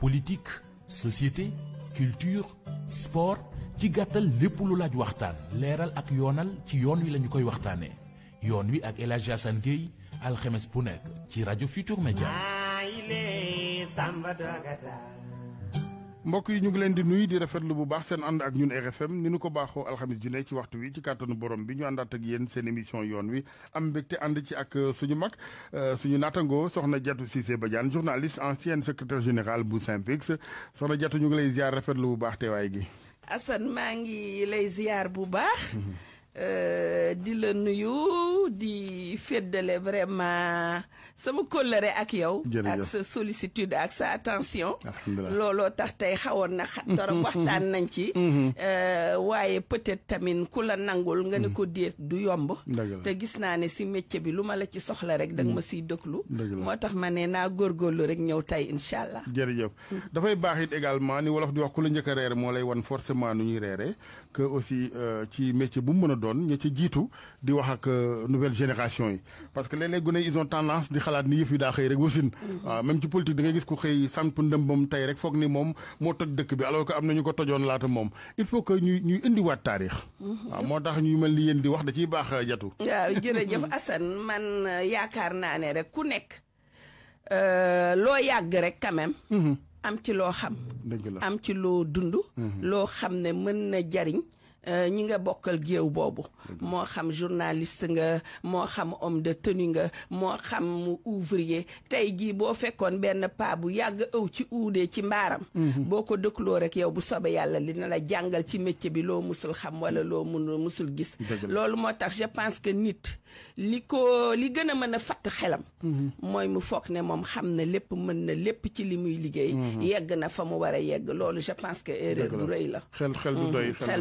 politique société culture sport qui gâte les lu laaj waxtaan l'air ak yonal ci yon wi lañu koy waxtaanee yoon wi ak El qui Assane Gueye ci Futur Media mbokk yi ñu ngi leen di nuyu di rafetlu bu baax seen ànd ak ñun RFM ni ñu ko baaxoo alxamis ju ne ci waxtu wi ci kàttanu borom bi ñu àndaat ak yéen seen émission yoon wi am mbégte ànd ci ak euh, suñu mag euh, suñu naatangoo soxna jatu Diatou Cissé Badiane journaliste ancienne secrétaire générale bu SYNPICS soxna Diatou ñu ngi lay ziar rafetlu bu baax teewaay gi. Assane maa ngi lay ziar bu baax. Euh, di la nuyu di féddale vraiment. sama kóllëre ak yow. ak sa sollicitude ak sa attention. lolo tax tay xawon na xat waxtan waxtaan nañ ci. Mm-hmm. Euh, waye peut-être tamine kula la nangul nga ne mm-hmm. ko déet du yomb. te gis na ne si métier bi luma la ci soxla rek dag ma mm-hmm. si dëglu. motax tax ma ne rek ñew tay inshallah allah. jërëjëf dafay baax it également ni wolof di wax kula la njëkk mo lay won forcément nu ñuy reere que aussi euh, ci métier bu mu mën a doon ña ci jitu di wax ak euh, nouvelle génération yi parce que les léeg gune ils ont tendance xalaat ni yëf yi daa xëy rek wasin waaw même ci politique da ngay gis ku xëy samp ndëmbam tey rek foog ni moom moo toj dëkk bi aloo que am na ñu ko tojoon laata moom il faut que ñuy ñuy indiwaat taarix waaw moo tax ñuy mel ni yéen di wax da ciy baax jatu waaw jërëjëf Assane man euh, yaakaar naa ne rek ku nekk euh, loo yàgg rek quand même mhm. am ci loo xam am ci loo dund mhm. loo xam ne mën na jariñ Euh, ñi nga bokkal géew boobu mm-hmm. moo xam journaliste nga moo xam homme de tenue nga moo xam ouvrier tey jii boo fekkoon benn paa bu yàgg ëw ci uudee ci mbaaram mm-hmm. boo ko dëkkloo rek yow bu sobe yàlla li na la jàngal ci métier bi loo musul xam wala loo mun musul gis loolu moo tax je pense que nit li ko li gën a mën a fatt xelam mm-hmm. mooy mu foog ne moom xam na lépp mën na lépp ci li muy liggéey yegg na fa mu war a yegg loolu je pense que erreur la xel xel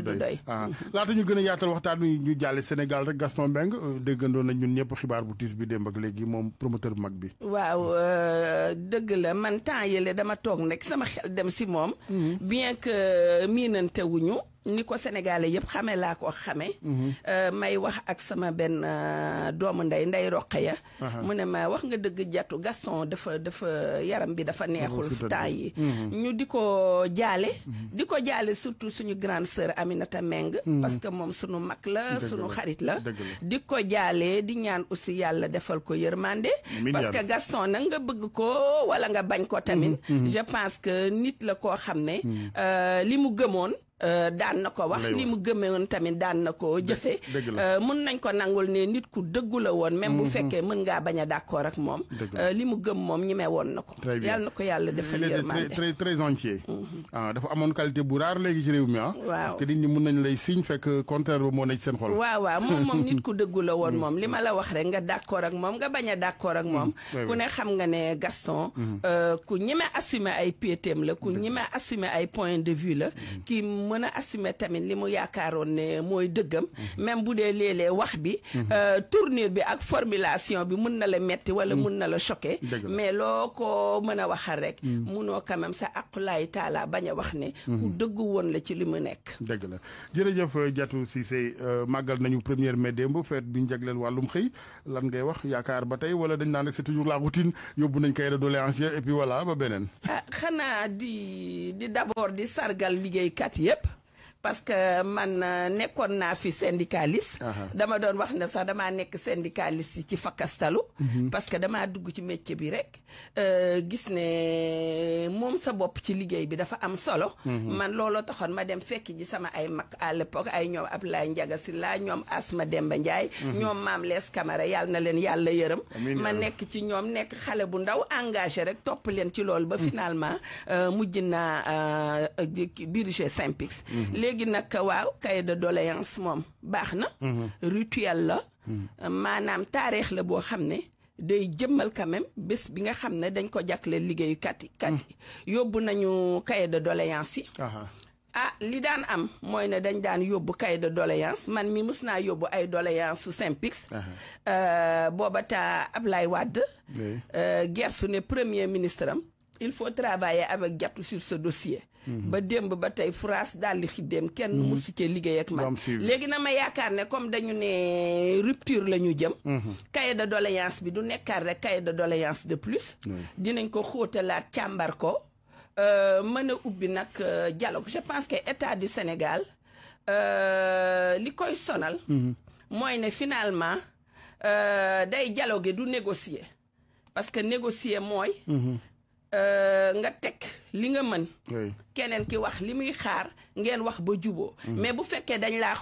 du doy ah laata ñu gën a yaatal waxtaan wi ñu jàlle Sénégal rek Gaston Mbengue euh, déggandoon nañ ñun ñëpp xibaar bu tiis bi démb ak léegi moom promoteur bu mag bi. waaw euh, dëgg la man temps yële dama toog nekk sama xel dem si moom. Mm-hmm. bien que euh, miinante wuñu ni ko sénégalais yëpp xame laa ko xame mhm. euh, may wax ak sama benn euh, doomu ndey ndey roqe ya mu ne ma wax nga dëgg jatu gaston dafa dafa yaram bi dafa neexul temps yi mhm. ñu di ko jaale mhm. di ko jaale surtout suñu grande sœur Aminata Meng parce que moom suñu mag la suñu xarit la di ko jaale di ñaan aussi yàlla defal ko yërmande parce que gaston nga bëgg ko wala nga bañ ko tamit je pense que nit la koo xam ne euh, li mu gëmoon Euh, daan na ko wax li mu gëmee woon tamit daan na ko jëfe euh, mën nañ ko nangul nii nit ku dëggu la woon même bu mhm. fekkee mën ngaa bañ a d'accord ak moom euh, li mu gëm moom ñi mee woon na ko yàlla na ko yàlla defal yërmande très très entier mhm. ah, amoon qualité bu raar léegi ci réew mi ah waaw parce que nit ñi mën nañ fekk contraire ba moo ne seen xol waaw waaw moom moom la woon moom li ma la wax rek nga d'accord ak moom nga bañ a d'accord ak moom mhm. ku ne xam nga ne Gaston ku ñi mee ay piétem la ku ñi mee ay point de vue la ki mën a assumer tamit limu mu yaakaaroon ne moy deugam mhm. même boudé lélé wax bi mhm. euh, tournure bi ak formulation bi mun na la metti wala mhm. mun na la choquer, mais loko ko wax a rek munoo quand même sa aqulaay taala baña wax né ku deug won la ci li mu nekk dëgg la jërëjëf euh, Diatou Cissé euh, magal nañu première mai démb feet bi jaglél walum xey lan ngay wax yaakaar ba tey wala dañ nane c'est toujours la routine yobou nañ kay de et puis voilà ba benen. ah di di d'abord di sargal liggéeykat yëpp parce que man euh, nekkoon naa fi syndicaliste. dama doon wax ne sax damaa nekk syndicaliste yi ci fakkastalu mhm. parce que damaa dugg ci métier bi rek. Euh, gis ne euh, moom sa bopp ci liggéey bi dafa am solo. Mhm. man looloo taxoon ma dem fekk ji sama ay mag à l'époque ay ñoom Ablaye Ndiaga Sylla ñoom Asma Demba Ndiaye. Mhm. ñoom Maam Lees Camara yàlla na leen yàlla yërëm. ma nekk ci ñoom nekk xale bu ndaw engagé rek topp leen ci loolu. ba finalement mujj naa diriger Synpics. léegi nak waaw cahier de doléance mom baxna mhm. rituel la. manam mhm. taarix la bo xamné ne day jëmmal quand même bés bi nga xamné dañ ko jagleel ligéyu kat kat yi mhm. nañu cahier de doléance yi. ah li daan am moy né dañ daan yobbu cahier de doléance man mi musna yobbu yóbbu ay doléance su euh bobata taa wad euh Gersu né premier ministre am. il faut travailler avec Diatou sur ce dossier. ba démb ba tey France daal di xiddeem kenn mhm. musu cee liggéey ak man léegi na ma yaakaar ne comme dañu ne rupture la ñu jëm kay mhm. de doléance bi du nekkaat rek cahier de doléance de plus dinañ ko xóotalaat càmbar ko euh, mën a ubbi nag euh, dialogue je pense que état du Sénégal euh, li koy sonal mhm. mooy ne finalement day dialoguer du négocier parce que négocier mooy nga teg li nga mën keneen ki wax limuy xaar wax mais a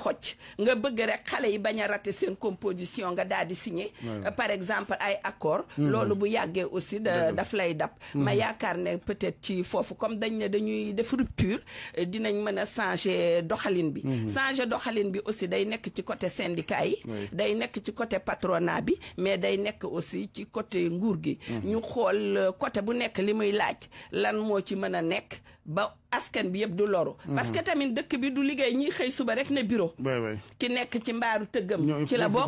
raté composition euh, par exemple accord mm-hmm. bu aussi daf lay dab mm-hmm. ma peut-être ci comme dañ ne dañuy def rupture euh, dinañ changer bi mm-hmm. changer aussi day nekk ci côté syndicat yi day nekk ci patronat mais day aussi ci côté ñu euh, côté bu laaj lan him in the neck ba askan bi yeb du loro mhm. parce que tamine deuk bi du liggéey ñiy xëy suba rek ne bureau. ki nekk ci mbaru tëggam. ci la bok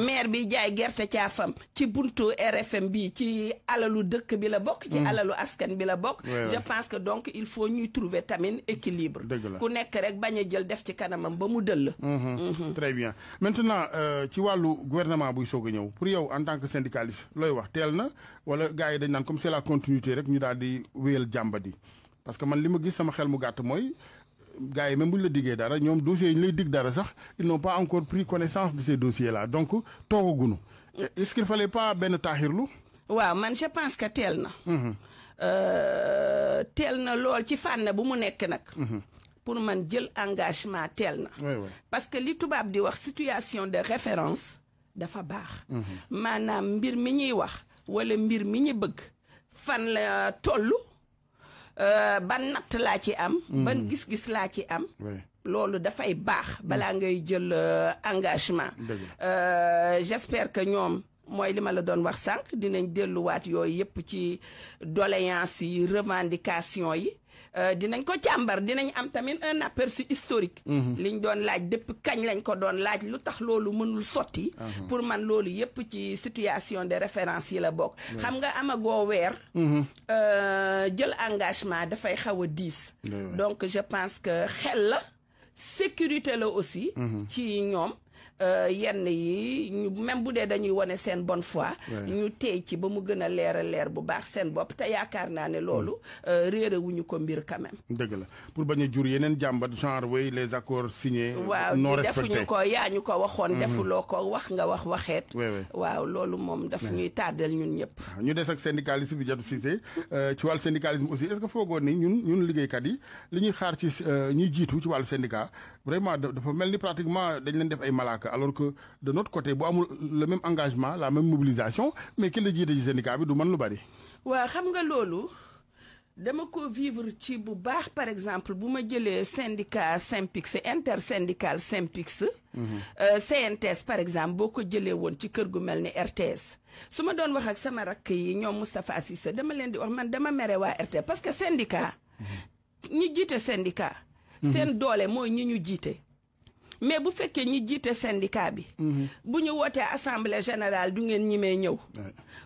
maire bi jaay gerte caafam. ci buntu RFM bi ci alalu deuk bi la bok ci mhm. alalu askan bi la bok je pense que donc il faut ñuy trouver tamine équilibre. ku nekk rek baña jël def ci kanamam ba mu dëll. Mhm. très bien maintenant euh, ci walu gouvernement bu soog a pour yow en tant que syndicaliste loy wax telna na wala gaay dañ nan comme c'est la continuité rek ñu daal di wéyal di parce que man li sama xel mu même ils n'ont pas encore pris connaissance de ces dossiers là donc est-ce qu'il fallait pas man je pense que telna na mm-hmm. euh, telna ci bu mm-hmm. pour man jël engagement telna parce que li di situation de référence dafa bax mm-hmm. mbir mi wax wala fan la tollu Euh, ban natt ci am. Mm. ban gis-gis laa ci am. loolu dafay baax mm. balaa ngay jël euh, engagement. Euh, j'espère que ñoom. mooy li ma la doon wax sànq dinañ delluwaat yooyu yëpp ci doléance yi revendication yi Euh, dinañ ko càmbar dinañ am tamit un aperçu historique. Mhm. liñ doon laaj depuis kañ lañ ko doon laaj lu tax loolu mënul sotti. Mhm. pour man loolu yëpp ci situation de référence yi la bokk. xam nga amagoo weer. Mhm. Euh, jël engagement dafay xaw a diis. donc je pense que xel la sécurité la aussi. ci ñoom. Euh, yenn yi ñu même bu dee dañuy wane seen bon fois ñu tey ci ba mu gën a leer leer bu baax seen bopp te yaakaar naa ne loolu mm. euh, réere wuñu ko mbir quand même dëgg la pour bañ a jur yeneen jàmbat genre way les accords signés waaw non respectés defuñu ko yaa ñu ko waxoon mm. defuloo ko wax nga wax waxeet waaw loolu moom daf ñuy tardel ñun ñëpp ñu des ak syndicaliste bi Diatou Cissé euh, ci wàllu syndicalisme aussi est-ce que foogoon ni ñun ñun liggéeykat yi li ñuy xaar ci ñuy jiitu ci wàllu syndicat vraiment dafa mel ni pratiquement dañ leen def ay malaka alors que de notre côté bu amul le même engagement la même mobilisation mais ki la jiite ci syndicat bi du man lu bari. wa xam nga lolu dama ko vivre ci bu baax par exemple buma ma syndicat syndicat SYNPICS intersyndical mhm. euh, CNTS par exemple boko ko won ci kër gu RTS. suma ma doon wax ak sama rak yi ñom Moustapha Cissé dama leen di wax man dama mere wa RTS parce que syndicat. Mhm. ñi jiite syndicat. Mm-hmm. seen doole mooy ñi ñu jiite mais bu fekkee ñi jiite syndicat bi mm-hmm. bu ñu wootee assemblée générale du ngeen ñimee ñëw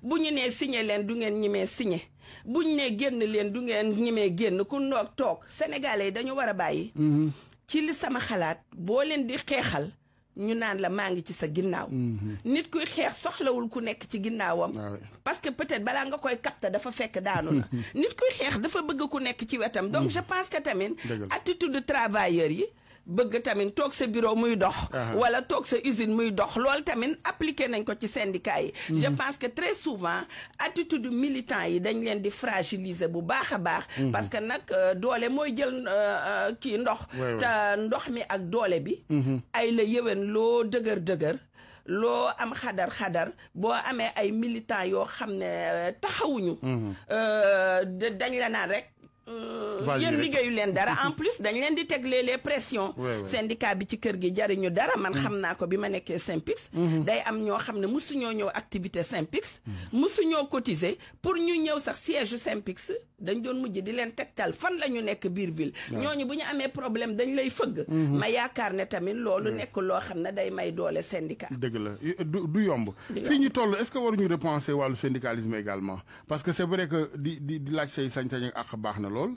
bu ñu nee signé leen du ngeen ñimee signé bu ñu nee génn leen du ngeen ñimee génn ku noog toog sénégalais yi dañu war a bàyyi mm-hmm. ci li sama xalaat boo leen di xeexal ñu naan la maa ngi ci sa ginnaaw. Mhm. nit kuy xeex soxlawul ku nekk ci ginnaawam. Ah parce que peut-être balaa nga koy capter dafa fekk daanu la. Mhm. nit kuy xeex dafa bëgg ku nekk ci wetam. donc mhm. je pense que tamit de travailleur yi. bëgg tamit tok ce bureau muy dox wala tok ce usine muy dox loolu tamit appliquer nañ ko ci syndicat yi mhm. je pense que très souvent attitude militant yi dañ leen di fragiliser bu baax a baax mhm. parce que nak euh, doole moy jël euh, euh, ki ndox ta ndox mi ak doole bi mhm. ay la yewen lo deuguer deuguer lo am xadar-xadar bo amé ay militant yo xamné taxawuñu euh dañ la naan rek euh, yéen liggéeyu leen dara en plus dañ len di teg les pressions syndicat bi ci kër gi jariñu dara man mm. xamna ko bima nekké nekkee Synpics mm-hmm. day am ño xamné musu ño ñëw activité musu mm. ño cotiser pour ñu ñew sax siège Synpics dañ doon mujj di len tektal fan lañu ñu nekk biir ville ah. ñoñu buñu amé problème dañ lay feug mm-hmm. ma yaakar né tamit lolu nekk lo xamné day may doole syndicat deug la du yomb fii ñu toll est-ce que waru ñu repenser walu syndicalisme également parce que c'est vrai que di di di laaj say sañ-sañ ak baax lool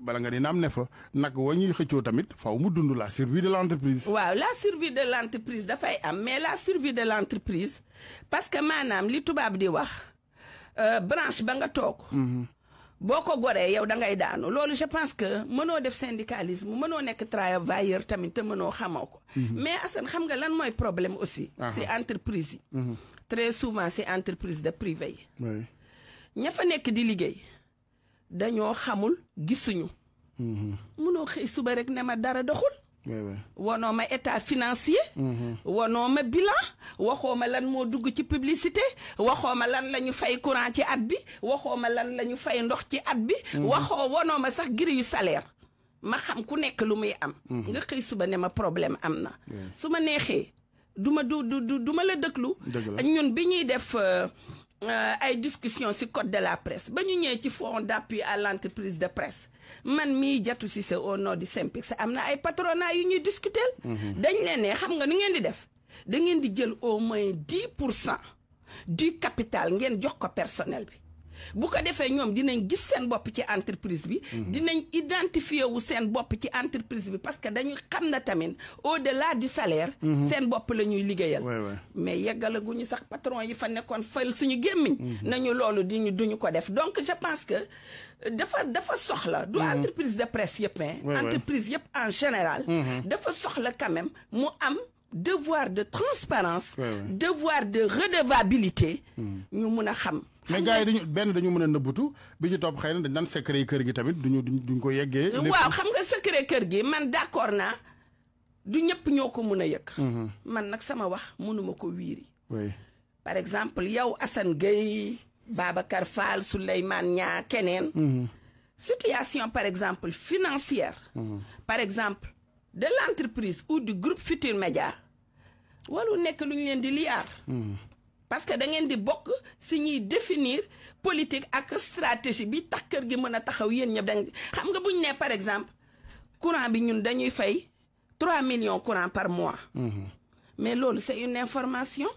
bala nga ni naam ne fa nak wa ñuy tamit faw mu dund la survie de l'entreprise waaw la survie de l'entreprise da fay am mais la survie de l'entreprise parce que manam li tubab di wax euh, branche ba nga tok hmm boko goree yow da ngay daanu lolou je pense que meuno def syndicalisme meuno nek travailleur tamit te meuno xamoko mhm. mais Assane xam nga lan moy problème aussi. Ah c'est ah. entreprise mhm. très souvent c'est entreprise de privé oui ña fa di liguey dañoo xamul gisuñu. Mm-hmm. munoo xëy suba rek ne ma dara doxul. wanoo ma état financier. Mm-hmm. wanoo ma bilan. waxoo ma lan moo dugg ci publicité. waxoo ma lan la ñu fay courant ci at bi. waxoo ma lan la ñu ndox ci at bi. Mm-hmm. wanoo ma sax grille yu salaire. ma xam ku nekk lu muy am. nga xëy suba ne ma problème am na. su ma neexee duma du du du ma la dëglu. ñun bi ñuy def. Euh, Euh, ay discussion le code de la presse ba ñu ñëwee ci fonds d'appui à l'entreprise de presse man mi jatu que c'est au nom de saint pix Amna, ay patronat yu ñuy discuter. Mhm. dañ leen ne xam nga nu di def da di au moins 10% du capital ngeen jox ko personnel bu ko defee ñoom dinañ gis seen bop ci entreprise bi. Mhm. dinañ identifier wu seen bop ci entreprise bi parce que dañuy xam na tamit au-delà du salaire. Mhm. seen bopp la ñuy liggéeyal. mais yeggalaguñu sax patron yi fa nekkoon fayal suñu gémmiñ. Mhm. nañu loolu di ñu duñu ko def donc je pense que euh, dafa dafa soxla. du entreprise de presse yëpp hein. entreprise yëpp en général. dafa soxla quand même mu am. devoir de transparence, devoir de redevabilité, nous mm mais gars yi ben dañu mëna neubutu bi ci top xeyna dañ nan secret kër gi tamit duñu duñ ko yeggé waaw xam nga secret kër gi man d'accord na du ñëpp ñoko mëna mën mhm. man nak sama wax mënuma ko wiri oui par exemple yow Assane Gueye Babacar Fall Souleymane Nya, Kenen. Mhm. situation par exemple financière. Mhm. par exemple de l'entreprise ou du groupe Futur media walu nek lu ñu leen di liyaar parce que da ngeen di bokk si définir politique ak stratégie bi tax kër gi mën taxaw yeen ñëpp da xam nga buñ né par exemple courant bi ñun dañuy fay 3 millions courant par mois. Mhm. mais loolu c'est une information.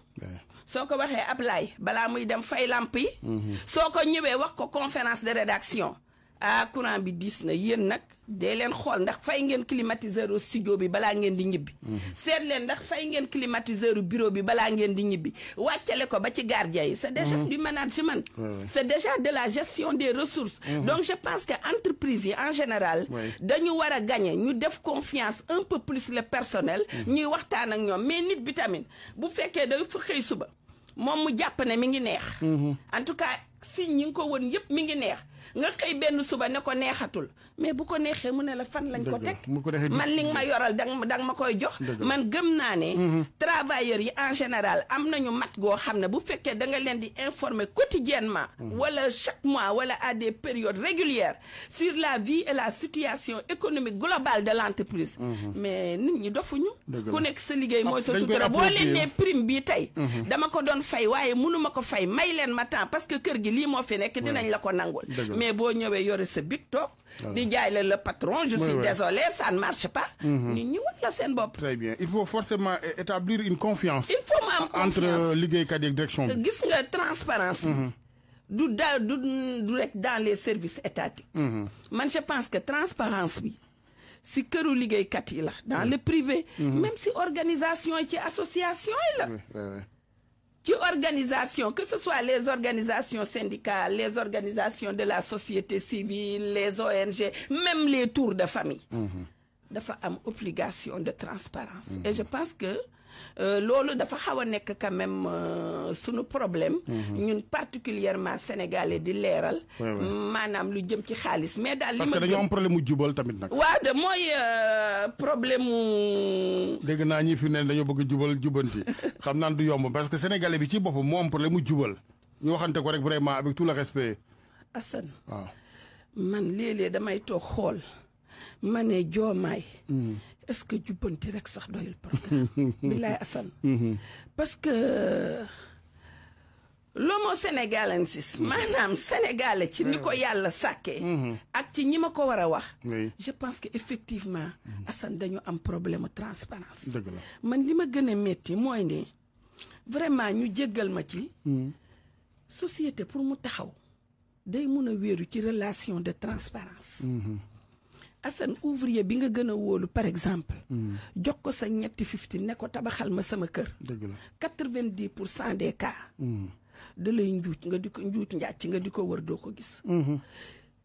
soo ko waxee Ablaye balaa muy dem fay lampi. yi. Mhm. soo ko ñëwee wax ko conférence de rédaction ah courant bi diis na yeen nak, de len xol ndax fay ngeen climatiseur studio bi bala ngeen di ñibbi. Mhm. set len ndax fay ngeen climatiseur bureau bi bala ngeen di ñibbi waccale ko ba ci gardien c'est déjà mhm. du management. c'est déjà de la gestion des ressources. Mhm. donc je pense que entreprise en général. dañu wara gagner ñu def confiance un peu plus le personnel. ñuy waxtaan ak ñom mais nit vitamine bu fekke day fa xëy suba mom mu japp ne mi ngi neex. en tout cas si ñing ko won yep mi ngi neex. nga xëy benn suba ne ko neexatul mais bu ko neexee mu ne la fan lañ ko tek man li ma yoral dang danga jox man gëm travailleur mm-hmm. travailleurs yi en général am nañu mat go xam bu fekkee da nga leen di informer quotidiennement mm-hmm. wala chaque mois wala à des périodes régulières sur la vie et la situation économique globale de l'entreprise mm-hmm. mais nit ñi dofuñu ku nekk sa liggéey moy sa ah, sutura bo leen ne prime bi tay dama ko don fay waye munu ma ko fay may leen ma temps parce que kër gi li mo fi nek dinañ la ko nangul mais bo ñëwé yoré sa big toog di le patron je suis désolé ça ne marche pas mhm. Ni ñi la très bien il faut forcément établir une confiance il faut ma confiance entre liggéeykat yeeg direction bi gis nga transparence bi mhm. du du dans les services étatiques mhm. man je pense que transparence oui. si këru liggéeykat yi dans le privé même si organisation yi ci association organisations organisation que ce soit les organisations syndicales les organisations de la société civile les ONG même les tours de famille mm-hmm. dafa am obligation de transparence et mm-hmm. je pense que Euh, loolu dafa xaw a nekk quand même euh, sunu problème. Mhm. ñun particulièrement sénégalais di leeral. maanaam lu jëm ci xaalis mais daal. li ma parce que dañoo am problème mu jubal tamit nag. waa de mooy euh, problème mu. dégg naa ñi fi ne dañoo bëgg jubal jubanti xam naan du yomb parce que sénégalais bi ci boppam moo am problème mu jubal ñu waxante ko rek vraiment avec tout le respect. Assane waaw man léeg lée damay toog xool ma ne joomaay. Hmm. est-ce que tu peux que ça doit doyul programme billaay Hassan? Mhm. parce que l'homme sénégalais madame mhm. sénégalais ci n'as pas le sàkkee ak ci n'as pas ko war je pense que effectivement mhm. asan dañu am problème de transparence man li que gën a métti vraiment ñu jéggal ma ci société pour mu taxaw day mun a relation de transparence asan ouvrier bi nga gëna wolu par exemple. Hmm. jox ko sa ñetti 50 ne ko tabaxal ma sama kër. 90% des cas. Hmm. da lay njuuj nga di ko nga di wër ko gis. Hmm.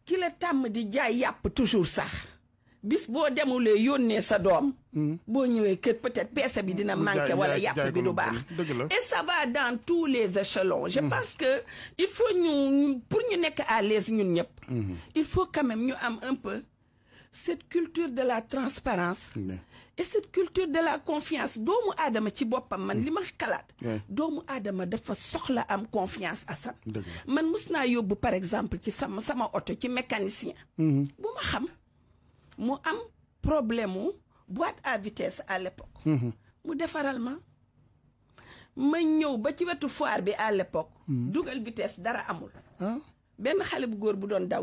ki la tam di jaay yap toujours sax. bis bo demulé yónnee sa dom bo ñëwé kër peut-être peese bi dina manquer wala yap bi du baax. et ça va dans tous les échelons. je pense que il faut ñu pour ñu nekk à l'aise ñun ñëpp. il faut quand même ñu am un peu cette culture de la transparence et cette culture de la confiance doomu adama ci bopam man li kalat xalaat doomu aadama dafa soxla am confiance Assane man musna yobbu par exemple ci sama sama auto ci mécanicien mhm. buma xam mu am problème ou boîte à vitesse à l'époque mhm. mu defaral ma ma ñëw ba ci wetu foire bi à l'époque mhm. Dougal vitesse dara amul ben xale bu goor bu don daw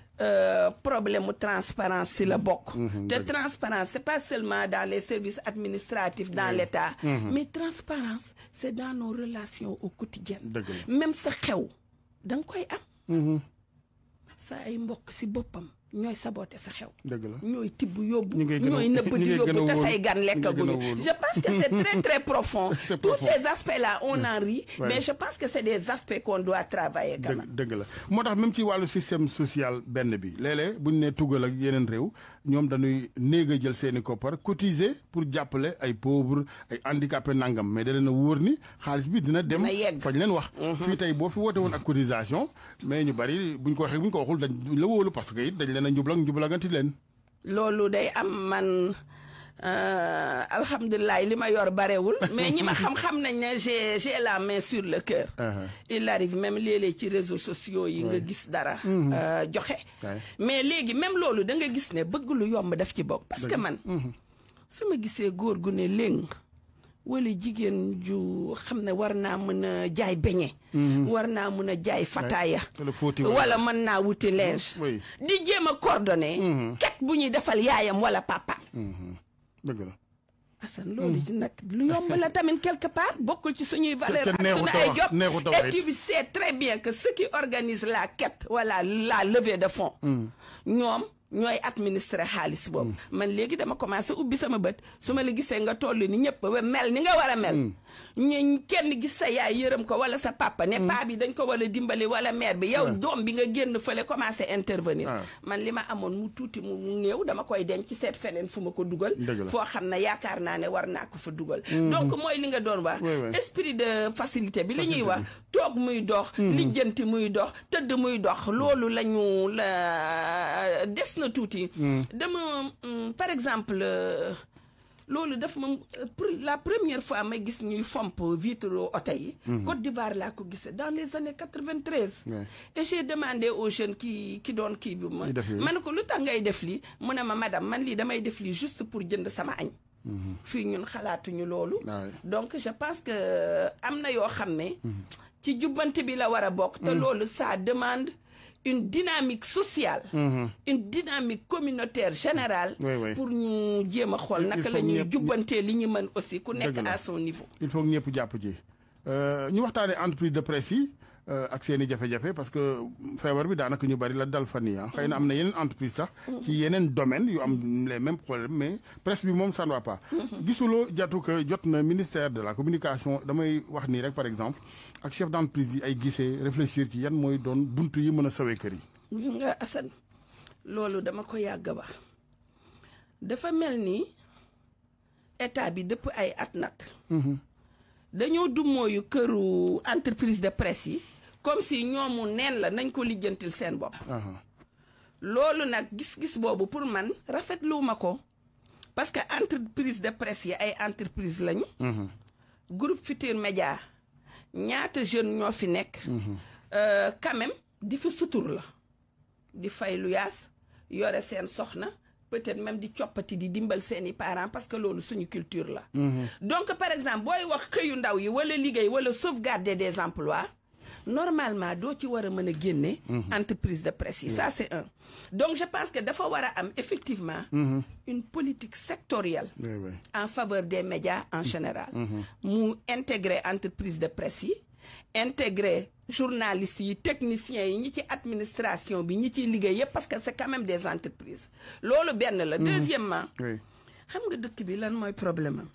Euh, problème de transparence si la mm-hmm. bokk mm-hmm, transparence c'est pas seulement dans les services administratifs dans l'État mm-hmm. mais transparence c'est dans nos relations au quotidien même ce xew da koy am ça si ñooy saboté sa xew. dëgg la ñooy tibb yóbbu. ñu ñooy nëbb di yóbbu te say gan lekkaguñu. je pense que c'est très très profond. tous ces aspects là on en rit. mais je pense que c'est des aspects qu'on doit travailler. quand même dëgg la moo même ci walu système social ben bi lélé buñ né ñu tugal ak yenen rew ñom dañuy néga jël seen i koppar cotiser pour jàppale ay pauvres ay handicapé nangam mais da leen a ni xaalis bi dina dem fañ leen wax mhm. fi tay bo fi woté won ak cotisation mais ñu bari buñ ko waxe buñ ko waxul dañ la wolu parce que it dañ leena a njublag njublaganti leen lolu day am man Euh, alhamdulilah li ma yor barewul mais ñi ma xam-xam nañ ne j'ai j'ai la mais sur le cœur uh-huh. il arrive même léeg-léeg ci réseaux sociaux yi nga gis dara mm-hmm. euh, joxe mais léegi même loolu da nga gis ne bëgg lu yomb def ci bokk parce que man mm-hmm. su ma gisee góor gu ne léng wala jigéen ju xam ne war naa mën a jaay beñe mm-hmm. war naa mën a jaay fataaya wala mën naa wuti linge di jéem a coordonné ket bu ñuy defal yaayam wala papaam dëgg la. Assane loolu mm. ci nag lu yomb la tamit quelque part bokkul ci suñuy valeur ak suñu et tu sais très bien que ceux qui organisent la quête voilà la levée de fonds mm. ñoom ñooy administrer xaalis boobu. Mm. man léegi dama commencé ubbi sama bët su ma la gisee nga toll ni ñëpp ba mel ni nga war a mel. Mm. ñu kenn gis sa yaay yërëm ko wala sa papa. ne mm. paa bi dañ ko wala dimbali wala mère bi. yow ah. doom bi nga génn fële commencé intervenir. Ah. man li ma amoon mu tuuti mu néew dama koy denc ci seet feneen fu ma ko dugal. foo xam ne yaakaar naa ne war naa ko fa dugal. Mm-hmm. donc mooy li nga doon wax. esprit de facilité bi li ñuy wax. toog muy dox. Mm-hmm. lijjanti muy dox tëdd muy dox loolu la ñu na dama mm, par exemple euh, loolu daf ma pour la première fois may gis ñuy fomp vitre oto yi. Mhm. Côte d'Ivoire la ko dans les années 93. et j'ai demandé aux jeunes qui qui donne qui bi ma. ma ne ko lu ngay def li mu ma madame man li damay def li juste pour jënd sama agne à mhm. ñun xalaatuñu loolu. donc je pense que euh, amna yo xamné mhm. ci jubante bi la wara bok bokk. te ça demande une dynamique sociale. Mhm. une dynamique communautaire générale. pour ñu jéem a xool naka la ñuy jubbantee li ñu mën aussi ku nekk à son niveau. il faut ñëpp jàpp ji euh, ñu waxtaanee entreprise de presse euh, ak seen i jafe parce que février bi nous ñu bari la dal fan yii ah. xëy na am na yeneen entreprise sax. ci yeneen domaine yu am les mêmes problèmes mais presse bi ça ne va pas. Mhm. gisuloo jatu que jot na ministère de la communication damay wax ni rek par exemple. ak chef d'entreprise yi ay gisee réfléchir ci yan mooy doon bunt yi mën a sawee kër yi. nga Assane loolu dama ko yàgg a wax dafa mel nii état bi dëpp ay at nag. Mhm. dañoo dummooyu këru entreprise de presse yi comme si ñoomu neen la nañ ko lijjantil seen bopp. loolu nag gis-gis boobu pour man rafetlu ma ko parce que entreprise de presse yi ay entreprise lañu. Mhm. groupe Futurs Médias. ñaata jeunes ñoo fi mhm. euh, quand même di sutur la. di fay lu peut-être même di di dimbal parents parce que lolu suñu culture mhm. donc par exemple boy wax sauvegarder des emplois normalement il ci wara a guenné mhm. entreprise de presse ça c'est un. donc je pense que dafa wara effectivement. Mhm. une politique sectorielle. en faveur des médias en général. Mhm. mu intégrer l'entreprise de presse intégrer journalistes les techniciens les ci administration bi parce que c'est quand même des entreprises. Le ben la. deuxièmement xam nga dëkk bi lan moy problème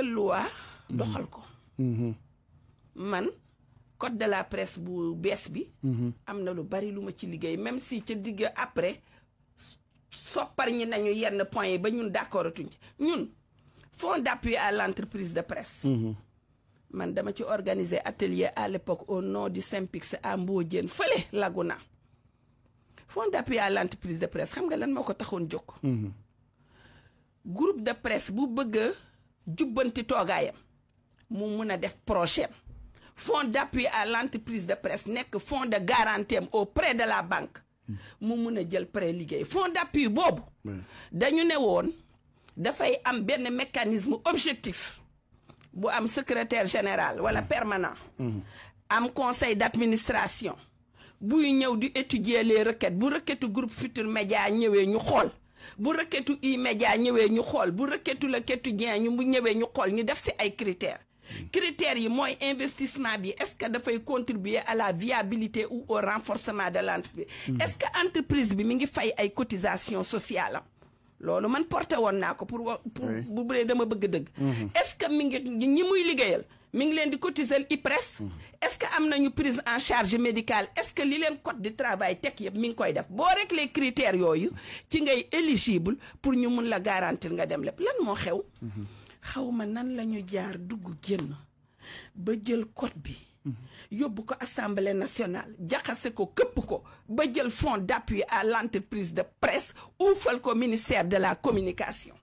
loi doxal ko man code de la presse bu bes bi. amna lu bari luma ci même si tu digue après soppar ñi nañu yenn point ba ñun d'accord tuñ ci ñun fonds d'appui à l'entreprise de presse. Mhm. man dama ci organiser atelier à l'époque au nom du saint Simpix à Mbodiène fele Laguna. fonds d'appui à l'entreprise de presse xam nga lan moko taxone jokk mhm. groupe de presse bu bëgg bon togaayam mu mëna a def projet fonds d'appui à l'entreprise de presse que fonds de garantie auprès de la banque mu mun a jël prêt fonds d'appui Bob. dañu Nous avons un am mécanisme objectif bu am secrétaire général wala mm. permanent mm. am conseil d'administration Nous avons étudier les requêtes bu requêtu groupe Futur Média ñëwee ñu xool bu requêtu E-Média de ñu xol bu requêtu Le Quotidien ñu bu ñewé ñu xol ñu def ci ay critères critères yi moy investissement bi est-ce que fay contribuer à la viabilité ou au renforcement de l'entreprise hmm. est-ce que entreprise bi mi ngi fay ay cotisation sociale lolu man porté woon pour pour bu bu dama bëgg dëgg hmm. est-ce que mi ngi ñi muy ligéyal mi ngi leen di cotiser hmm. est-ce que am nañu prise en charge médicale est-ce que li un code de travail tek yeb mi ngi koy def bo rek les critères yooyu ci ngay éligible pour ñu mën la garantir nga dem lepp lan mo xew xawma nan lañu génn ba mhm. nationale ko fonds d'appui à l'entreprise de presse uufal ko ministère de la communication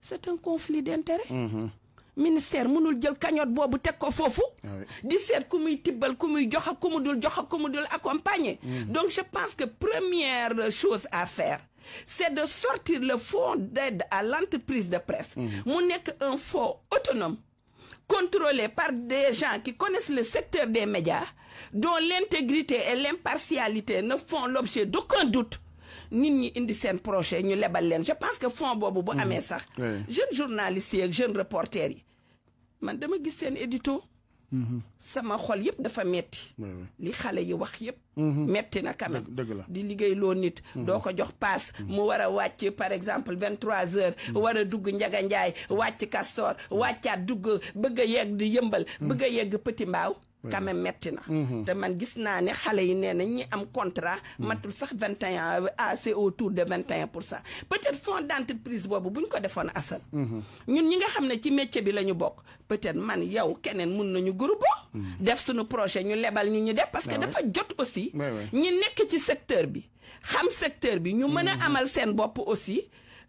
c'est un conflit d'intérêt mhm. ministère mënul jël cagnotte boobu teg ko di tibbal donc je pense que première chose à faire c'est de sortir le fonds d'aide à l'entreprise de presse mon mhm. n'avons un fonds autonome contrôlé par des gens qui connaissent le secteur des médias dont l'intégrité et l'impartialité ne font l'objet d'aucun doute ni indi projet je pense que fonds un bu ça mhm. sax jeune journaliste et jeune reporter man dama Mm-hmm. sama xol yëpp dafa metti li xale yi wax yëpp mm-hmm. metti na quand même dëgg di liggéey loo nit mm-hmm. doo ko jox paas mu war a wàcc par exemple vingt trois heures war a dugg Njaga Njaay wàcc Castor wàccaat dugg bëgg a yegg di yëmbal bëgg a yegg Petit Mbaaw quand même maintenant, na mhm. te man gis na ne xalé yi nee na ñi am contrat mhm. matul sax 21 et un c'est euh, autour de 21%. pour peut-être fond d'entreprise bobu buñ ko défon asal. Mhm. ñun ñi nga xamné ci métier bi lañu bok. peut-être man yow kenen mun nañu groupe def suñu projet ñu lébal ñi ñu dé parce que ah dafa jot aussi ñi nekk ci secteur bi xam secteur bi ñu mëna amal sen bop aussi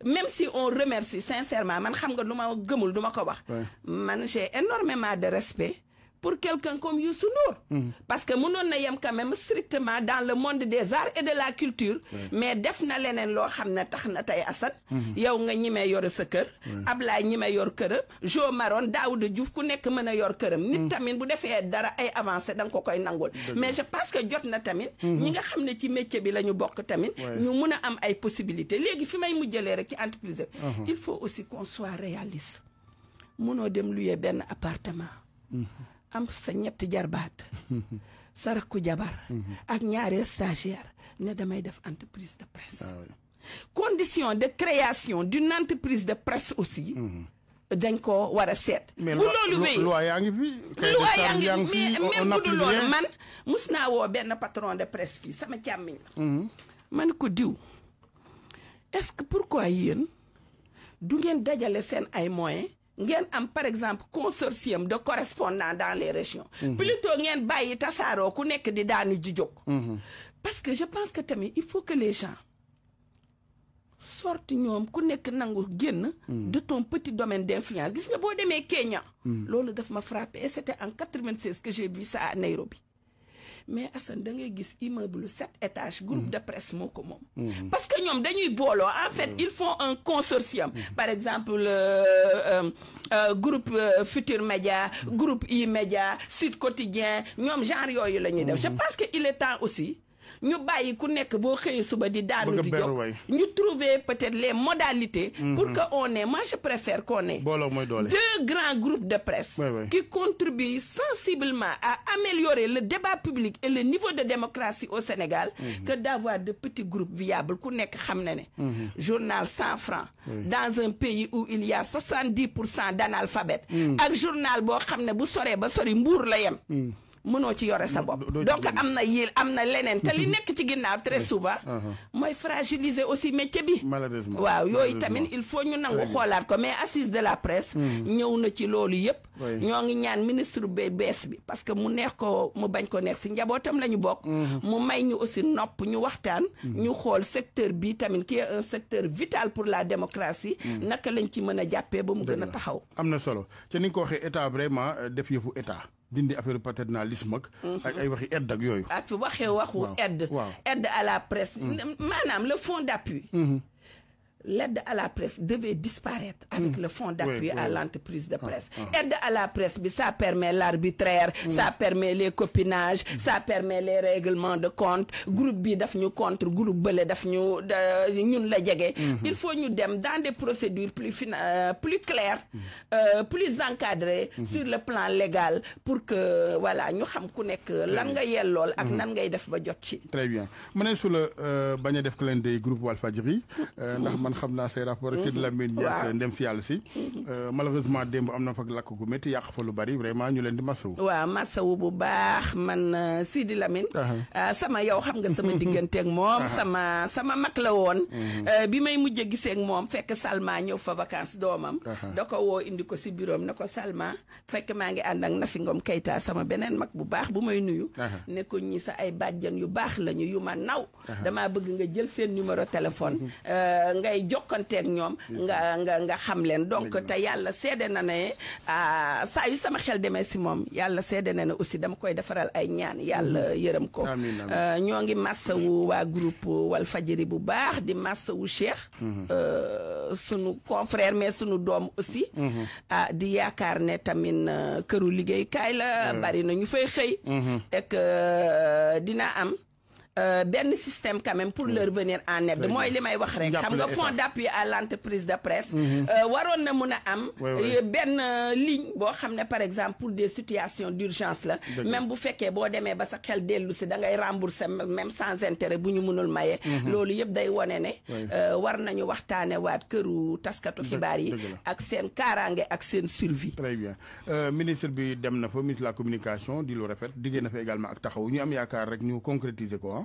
même si on remercie sincèrement man xam nga lu ma gëmul du ma ko wax man j'ai énormément de respect pour quelqu'un comme Youssou Nour. mmh. parce que nous na quand même strictement dans le monde des arts et de la culture mais Defna Lenen lo xamna taxna tay Assad hmm. yow nga ñimee yor sa kër Ablaye ñimee yor kërëm Jo Maron Daouda Diouf ku nek mëna yor kërëm nit hmm. tamine bu défé dara ay avancé dang ko koy nangul mais je pense que jotna tamine tamit hmm. ñi nga xam ci métier bi lañu bok tamine ñu mëna am ay possibilités légui fi may rek ci entreprise uh-huh. il faut aussi qu'on soit réaliste mënoo dem luye ben appartement am sa ñetti jarbaat sarak ku jabar mm-hmm. ak ñaari stagiaire ne damay def entreprise de presse ah condition de création du entreprise de presse aussi mm-hmm. dañ ko war a seet bu loolu wéy loi yaa ngi fi loi yaa ngi fi même bu dul loolu man mus naa woo benn patron de presse fii sama càmmiñ la mm-hmm. man ko diw est-ce que pourquoi yéen du ngeen dajale seen ay moyens ngen am par exemple consortium de correspondants dans les régions. Mhm. plutôt ngen baye Tassaro, ku nek di daanu ju mhm. parce que je pense que tamit il faut que les gens sortent ku mhm. de ton petit domaine d'influence Ce gis nga bo démé Kenya. lolu daf ma frappé et c'était en 96 que j'ai vu ça à Nairobi mais il da ngay gis immeuble sept étages groupe mm. de presse moko mom mm-hmm. parce que dañuy en fait mm. ils font un consortium mm-hmm. par exemple euh, euh, euh, groupe Futur Média groupe E-Média Sud Quotidien ñom genre yoyu lañuy def je mm-hmm. pense que il est temps aussi nous bàyyi ku trouver peut-être les modalités mhm. pour que on ait moi je préfère qu'on ait deux grands groupes de presse qui contribuent sensiblement à améliorer le débat public et le niveau de démocratie au Sénégal mhm. que d'avoir de petits groupes viables mhm. journal 100 francs dans un pays où il y a 70% d'analphabètes d'analphabètes journal qui mënoo ci yore sa bopp donc am na yil am na leneen te li nekk ci ginnaaw très souvent uh-huh. mooy fragiliser aussi métier bi malheureusement waaw yooyu tamit il faut ñu nangu xoolaat ko mais assise de la presse mm-hmm. ñëw na ci loolu yëpp ñoo ngi ñaan ministre ba bees bi parce que mu neex ko mu bañ ko neex si njabootam la ñu bokk mm-hmm. mu may ñu aussi nopp ñu waxtaan mm-hmm. ñu xool secteur bi tamit qui est un secteur vital pour la démocratie naka lañ ci mën a jàppee ba mu gën a taxaw am na solo te ni ko waxee état vraiment euh, def yëfu état dindi affaire paternalisme ak. ak ay waxi aide ak yooyu. ak ah, waxee waxu aide. à la presse. Mm. maanaam le fonds d'appui. Mm-hmm. l'aide à la presse devait disparaître avec hmm. le fonds d'appui à l'entreprise de ah, presse. L'aide ah. Aide à la presse, ça permet l'arbitraire, hmm. ça permet les copinages, hmm. ça permet les règlements de compte. Groupe B nous contre, groupe B nous la Il faut nous dem dans des procédures plus euh, plus claires, euh, plus encadrées sur le plan légal pour que voilà nous xam ku nek lan nga yellol ak nan Très bien. Mané sur le euh, de def des euh, ndax xam naa say rapport si mhm. Lamine Niass ndem si mhm. euh, malheureusement démb am na fa lakk gu métti yàq fa lu bari vraiment ñu leen di masawu waaw masawu bu baax man euh, Sidi Lamine ah, sama yow xam nga sama digganteeg moom sama sama la woon mhm. euh, bi may mujjee giseeg moom fekk Salma ñëw fa vacances doomam da ko woo indi ko si bureau na ko Salma fekk maa ngi ànd ak Nafi Ngom Keita sama beneen mag bu baax bu may nuyu ne ko ñi sa ay bàjjan yu baax lañu yu ma naw dama bëgg nga jël ngay jokkanteeg ñoom nga nga nga xam leen donc te yàlla seede na ne ah, a yu sama xel demee si moom yàlla seede na ne aussi dama koy defaral ay ñaan yàlla mm-hmm. yërëm ko euh, ñoo ngi massawu waa groupe Walfadjri bu baax di massawu Cheikh mm-hmm. euh, sunu confrère mais sunu doom aussi mm-hmm. ah, di yaakaar ne tamit euh, këru liggéeykaay la bari na ñu xëy ek dina am un euh, système quand même pour leur venir en aide d'appui à l'entreprise de presse mhm. euh, am euh, ligne par exemple pour des situations d'urgence là. même vous que bon ba sa xel rembourser même sans intérêt mhm. war survie très bien ministre la communication di le refaire. na également ak concrétiser quoi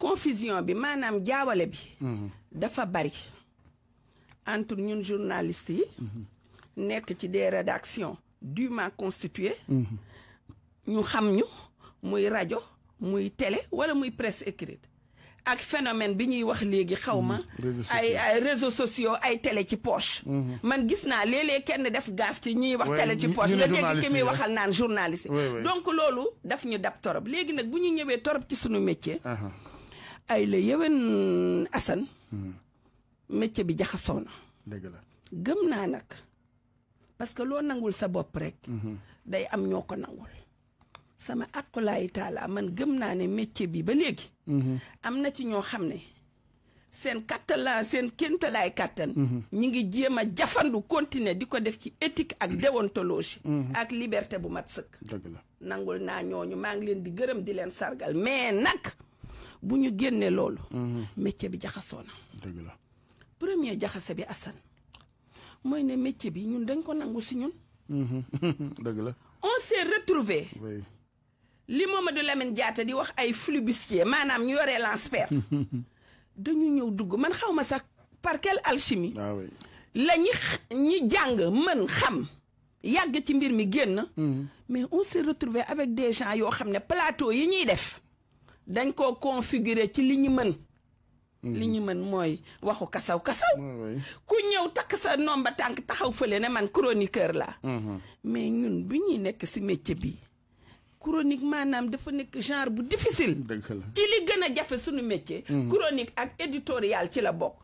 confusion bi maanaam jaawale bi. Mhm. dafa bari entre ñun journalistes yi. Mhm. nekk ci des rédactions dûment constituées. Mhm. ñu xam ñu muy rajo muy tele wala muy presse écrite ak phénomène bi ñuy wax léegi xaw ma. ay ay réseaux sociaux ay télé ci poche. man gis naa léeg-léeg kenn def gaaf ci ñiy wax. télé ci poche nga dégg ki muy waxal naan journaliste. donc loolu daf ñu dab torop léegi nag bu ñu ñëwee torop ci suñu métier. Uh-huh. ay la yéwén Assane. métier bi jaxasoo na. dëgg gëm naa nag parce que loo nangul sa bopp rek. Mhm. day am ñoo ko nangul. sama akulaay taala man gëm naa ne métier bi ba léegi. Mhm. am na ci ñoo xam ne seen kattan seen kéntalaay kattan. Mhm. ñi ngi jéem a jafandu continuer di ko def ci éthique ak déontologie. ak liberté bu mat sëkk. dëgg nangul naa ñooñu maa ngi leen di gërëm di leen sargal mais nag. buñu mhm. bi premier jaxase bi métier bi ñun dañ ko si ñun. Mhm. on s'est retrouvé li Lamine di wax ay ñu dugg man par quelle alchimie. Ah la ñi ñi jàng xam. yàgg ci mbir mhm. mais on s'est retrouvé avec des gens à xam plateau yi def. dañ koo configurer ci li ñu mën mm. li ñu mën mooy waxu kasaw kasaw mm, ku ñëw takk sa nomba tànk taxaw fële ne man chroniqueur la mm-hmm. mais ñun bu ñuy nekk si métier bi chronique maanaam dafa nekk genre bu difficile ci li gën a jafe suñu métier mm-hmm. chronique ak éditorial ci la bokk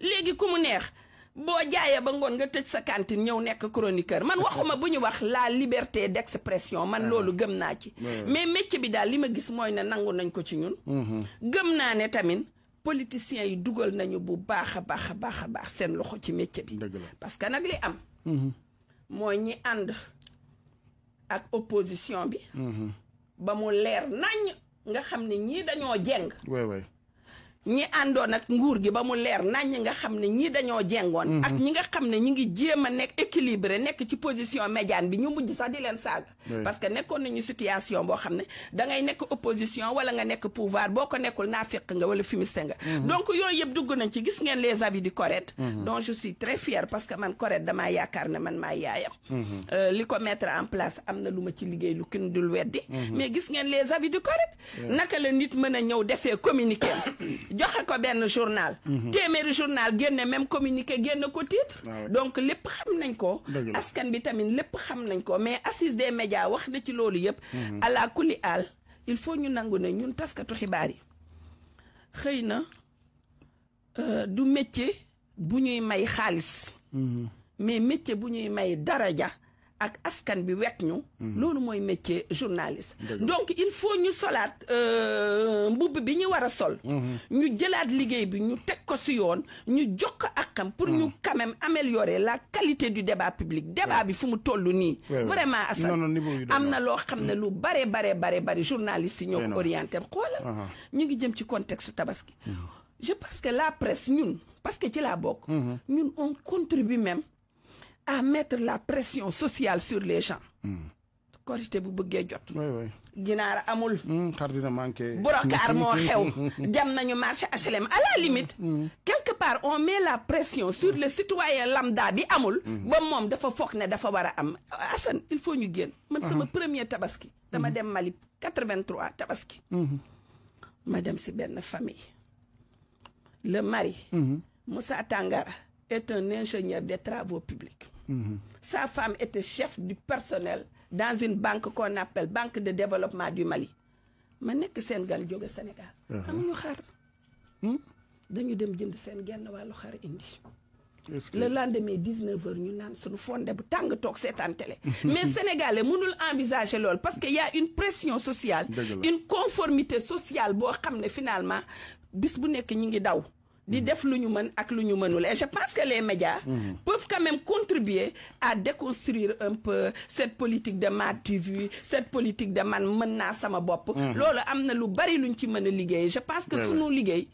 léegi ku mu neex boo jaayee ba ngoon nga tëj sa cantine ñëw nekk chroniqueur man waxuma bu ñu wax la liberté d'expression man ah. loolu gëm naa ci mais métier bi daal li ma gis mooy ne nangu nañ ko ci ñun mm-hmm. gëm naa ne tamit politiciens yi dugal nañu bu baax a baax a baax a baax seen loxo ci métier bi parce que nag li am mm-hmm. mooy ñi ànd ak opposition bi mm-hmm. ba mu leer nañ nga xam ne ñii dañoo jeng ñi àndoon ak nguur gi ba mu leer ñi nga xam ne ñii dañoo jengoon mhm. ak ñi nga xam ne ñi ngi jéem a nekk équilibré nekk ci position médiane bi ñu mujj sax di leen saaga parce que nekkoon nañu situation boo xam ne da nekk opposition wala nga nekk pouvoir boo ko nekkul naa naafiq nga wala fumiste nga mhm. donc yooyu yëpp dugg nañ ci gis ngeen les avis di CORED mhm. donc je suis très fière parce que man CORED damaa yaakaar ne man maa yaayam euh, li ko mettre en place am na lu ma ci liggéey lu kin dul weddi mais gis ngeen les avis du CORED naka la nit mën a ñëw defee communiqué joxe ko benn journal. Mhm. téeméeri journal génne même communiqué génne ko titre. Ah donc lépp xam nañ ko. askan bi tamit lépp xam nañ ko mais assise des médias wax na ci loolu yëpp. Mhm. ala kulli àll il faut ñu nangu ne ñun taskatu xibaar yi xëy na euh, du métier bu ñuy may xaalis. Mhm. mais métier bu ñuy may daraja. ak askan bi wekk ñu mhm. loolu mooy métier journaliste donc il faut ñu euh mbubb bi ñu wara sol mhm. ñu jëlat liggéey bi ñu tek ko si yoon ñu jokk akam pour ñu mhm. quand même améliorer la qualité du débat public débat bi fu mu toll vraiment Assane am na loo lu bare bare bare bare journaliste yi ñoo ko orienté ñu ngi jëm ci contexte tabaski je pense que la presse ñun parce que ci la bok ñun on contribue même à mettre la pression sociale sur les gens. à la hmm. limite. Hmm. quelque part on met la pression sur le citoyen lambda amul. Hmm. il faut ñu premier tabaski. dama dem Mali 83 tabaski. c'est bien la famille. le mari. Moussa Tangara est un ingénieur des travaux publics. Mhm. Sa femme était chef du personnel dans une banque qu'on appelle Banque de développement du Mali. mais nekk seen gal jóge Sénégal. Uh-huh. amuñu xar. Hmm? dañu dem jënd seen genn wàllu xar le lendemain 19h ñu avons suñu un bu de télé. mais sénégalais mënul envisager lool parce qu'il y a une pression sociale. une conformité sociale qui comme finalement bis bu nekk ñi ngi je pense que les médias mm-hmm. peuvent quand même contribuer à déconstruire un peu cette politique de ma TV cette politique de man menace à ma bop. lu bari luñ je pense que sunu ligay.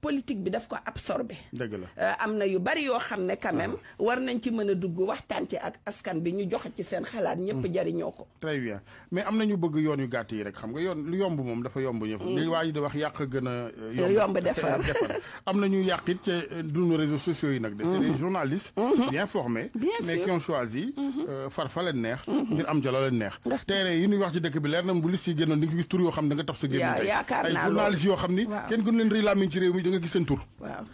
politique bi daf ko absorbé. dëgg la euh, am na yu bari yoo xam ne quand même ah. war nañ ci mën a dugg waxtaan ci ak askan bi ñu joxe ci seen xalaat. ñëpp hmm. jariñoo ko. très bien mais am na ñu bëgg yoon yu gàtt yi rek xam nga yoon lu yomb moom dafa yomb ñëpp. Hmm. li waa ji di wax yàq na ñu yàq it ci euh, dunu réseaux sociaux yi nag. Hmm. c'est des journalistes. bien formés. mais qui euh, far fa leen neex. ngir am jalo leen neex. ndax yi ñuy wax ci dëkk bi leer na bu lis yi génnoon di nga yoo xam ne nga tax sa génn. yaakaar naa loolu yoo xam ni kenn gënu leen rilaamin ci réew di nga gis seen tur. waaw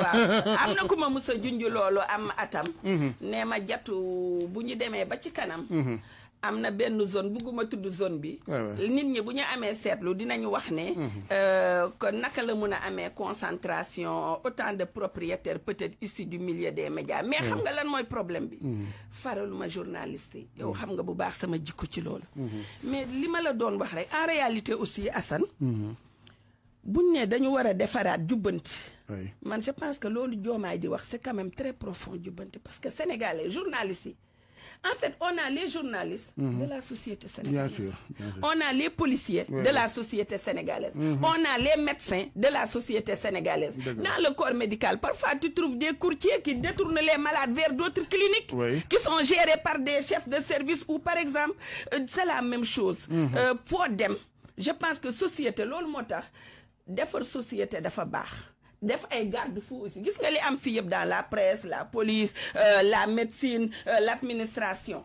waaw am na ku ma mës a junj loolu am atam. Mhm. nee ma jatu bu ñu demee ba ci kanam. Mhm. am na benn zone bugguma tudd zone bi. nit ñi bu ñu amee seetlu dinañu wax ne. kon mhm. euh, naka la mun a amee concentration autant de propriétaires peut-être issus du milieu des médias. mais xam nga lan mooy problème bi. faraluma journaliste yow xam nga bu baax sama jikko ci loolu. mais li la doon wax rek en réalité aussi Assane. je pense que c'est quand même très profond parce que sénégalais journalistes en fait on a les journalistes. Mhm. de la société sénégalaise. on a les policiers. de la société sénégalaise. Mhm. on a les médecins de la société sénégalaise. dans le corps médical parfois tu trouves des courtiers qui détournent les malades vers d'autres cliniques. qui sont gérés par des chefs de service ou par exemple euh, c'est la même chose. Mhm. Euh, je pense que société l'olmota même defar société dafa bax def ay garde fou aussi gis nga li am fi yëpp dans la presse la police euh, la médecine euh, l'administration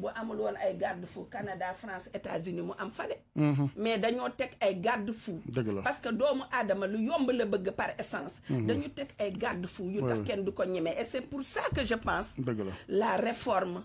bo amul won ay garde fou. Canada France États-Unis mu am fa mhm. mais dañu tek ay garde fou. parce que doomu adama lu yomb le bëgg par essence mhm. dañu tek ay garde fou. yu tax kenn du ko ñemee et c'est pour ça que je pense la réforme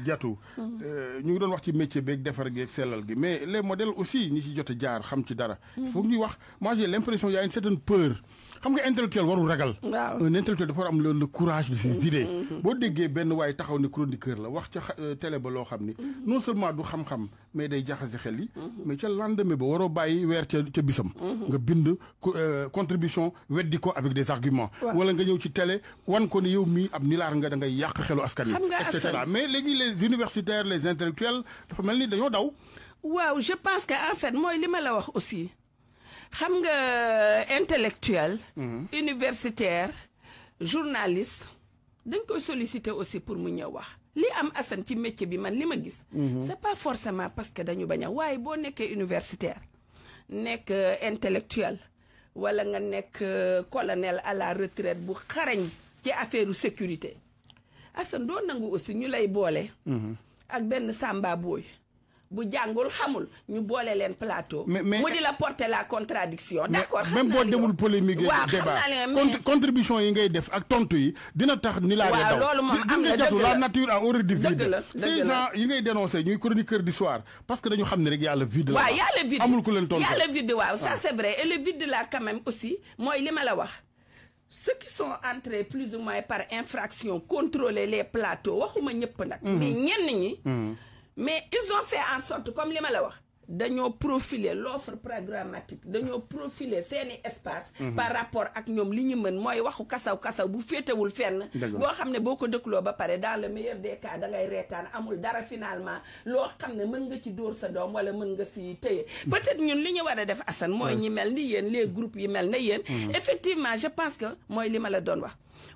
Mhm. Euh, métier mais les modèles aussi ñi ci jot mhm. moi j'ai l'impression y a une certaine peur xam nga intellectuel waru ragal. un intellectuel dafa am le courage de ses mm-hmm. idées. Mm-hmm. bo déggee ben way taxaw ne chroniqueur la wax ci euh, télé ba lo xamni mm-hmm. non seulement du xam-xam mais day jaxase xel yi. mais ci lendemain ba waro bayyi wer ci ci bisam. nga bind euh, contribution weddi ko avec des arguments. wala nga ñew ci télé wan ko ni yow mi ab nilar nga da ngay yak xelu askan wi. mais légui les universitaires les intellectuels dafa melni dañu daw. waaw je pense que en fait moi, il ma la wax aussi xam nga euh, intellectuel mhm. universitaire journaliste dañ koy solliciter aussi pour mu ñëw wax li am Assane ci métier bi man li gis mhm. c'est pas forcément parce que dañu baña a bo boo universitaire nekk euh, intellectuel wala nga euh, colonel à la retraite bu xarañ ci affaire sécurité Assane do nangu aussi ñu lay bolé mhm. ak benn Samba Boy bu jàngul xamul ñu boole plateaux. plateau. mu di la porter la contradiction D'accord. accord xam naa même demul polémique débat contribution yi ngay def ak tontu yi dina tax ni la daw loolu la nature a horreur du vide ces gens yi ngay dénoncé ñuy chroniqueur du soir parce que dañu qu'il y rek le vide la a le vide amul ku a tontu vide waaw ça ah. c'est vrai et le vide là quand même aussi il li mal à voir. ceux qui sont entrés plus ou moins par infraction contrôler les plateaux waxuma ñëpp nag mhm. mais ñenn ñi mhm mais ils ont fait en sorte comme les ma la wax profiler l'offre programmatique dañoo profiler seeni espace mhm. par rapport ak ñoom li ñu mën mooy waxu kasaw vous bu féetewul fenn boo xam ne beaucoup de clubs ba pare dans le meilleur des cas da ngay reetaan amul dara finalement loo xam ne mën nga ci dóor sa doom wala mën nga peut-être ñun li ñu war a def Assane mooy ñi mel ni les groupes yi mel na mhm. effectivement je pense que moi les ma la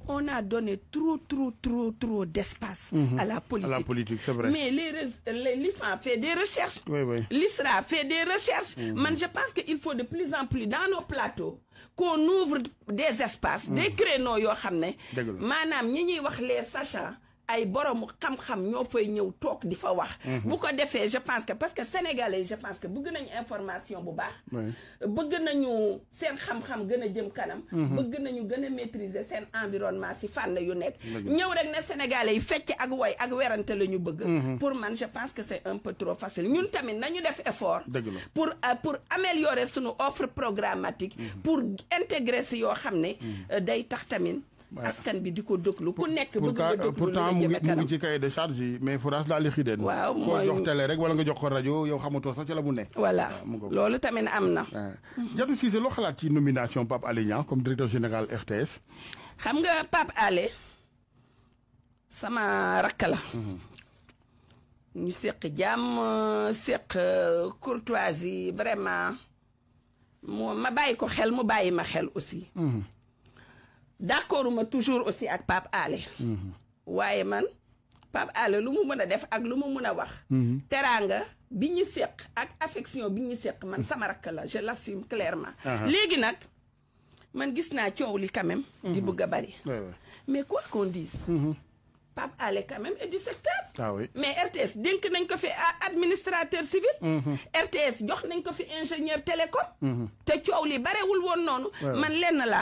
on a donné trop, trop, trop, trop d'espace mhm. à la politique. À la politique, Mais l'IFA fait des recherches. Oui, L'ISRA a fait des recherches. Mhm. je pense qu'il faut de plus en plus, dans nos plateaux, qu'on ouvre des espaces, mhm. des créneaux, yo, Manam, ay borom xam-xam ñoo fay ñëw toog di fa wax mhm. bu ko défé je pense que parce que sénégalais je pense que bëgg nañ information bu baax bëgg nañu seen xam-xam gëna jëm kanam mhm. bëgg nañu gëna maîtriser seen environnement si fan yu nekk ñew rek na sénégalais yi fecc ak way ak werante lañu bëgg mhm. pour man je pense que c'est un peu trop facile ñun tamit nañu def effort pour euh, pour améliorer suñu offre programmatique pour intégrer si yo xamné euh, day tax askan bi diko ko ku nek bëgg nga déglu pourtant mu ngi ci cahier de charge mais forage la li xiden waaw mooy jox télé rek wala nga jox ko radio yow xamatoo sax ci la bu ne voilà ah, loolu tamit am na Diatou Cissé loo xalaat ci nomination Pape Alé comme directeur général RTS xam nga Pape Alé sama rakala la mhm. ñu seq jàmm seq euh, courtoisie vraiment mo ma bàyyi ko xel mu bayima xel aussi mhm d'accord ma toujours aussi avec Pape Alé Oui, man Pape mhm. affection man je l'assume clairement uh-huh. léegi nag man gis quand même mhm. di bëgg mais quoi qu'on dise mhm. Pape quand même est du secteur ah mais RTS que ko administrateur civil RTS jox est ko ingénieur télécom te le ou non man la.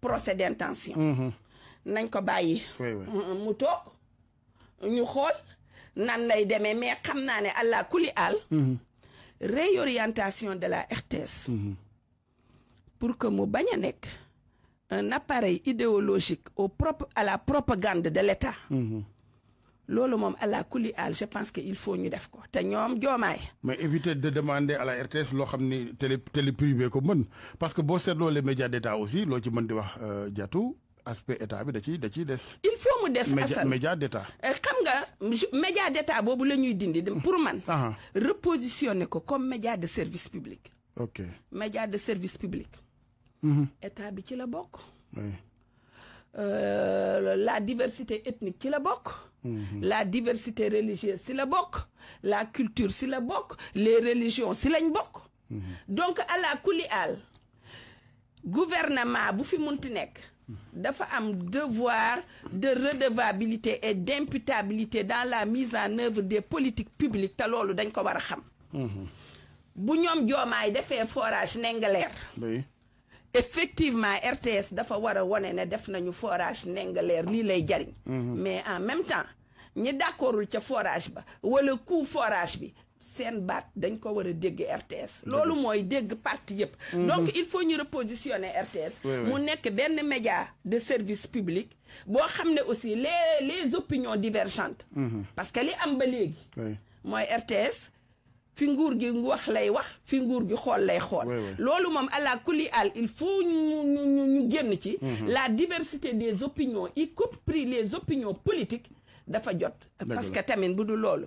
procès d'intention. Mm-hmm. nañ ko mm-hmm. mu ñu nan lay mais allah mm-hmm. réorientation de la RTS. pour que mu un appareil idéologique propre à la propagande de l'État loolu mom ala kulli al je pense que il faut ñu def ko te ñom joomaay. mais éviter de demander à la RTS lo xamni télé télé privé ko mën parce que boo lo les médias d'État aussi lo ci mën di wax jatu euh, aspect état bi da ci da ci dess il faut mu dess Médias d'État. d' euh, état. xam nga médias d'état bobu état la ñuy dindi. pour man. Ah. repositionner ko comme média de service public. ok média de service public. Mhm. état bi ci la bokk. Euh, la diversité ethnique c'est la bok. Mhm. la diversité religieuse si la boc, la culture si la boc, les religions c'est lañ bok. Mhm. donc à kuli al gouvernement bu fi munti devoir de redevabilité et d'imputabilité dans la mise en œuvre des politiques publiques c'est ce dañ ko xam mhm. bu un forage effectivement RTS dafa wara woné né ne def nañu forage Ndingler li lay jariñ mhm. mais en même temps ñi d'accordul le forage ba wala coût forage bi sen baat dañ ko wara dégg RTS lolu moy dégg parti yépp mhm. donc il faut ñu repositionner RTS mu nekk benn média de service public bo xamné aussi les les opinions divergentes mhm. parce que li am ba légui RTS fi nguur gi wax lay wax fi nguur gi xool lay xool loolu moom àla kuli al il faut ñu ñu ñu génn ci mhm. la diversité des opinions y compris les opinions politiques dafa jot parce que tamit bu du loolu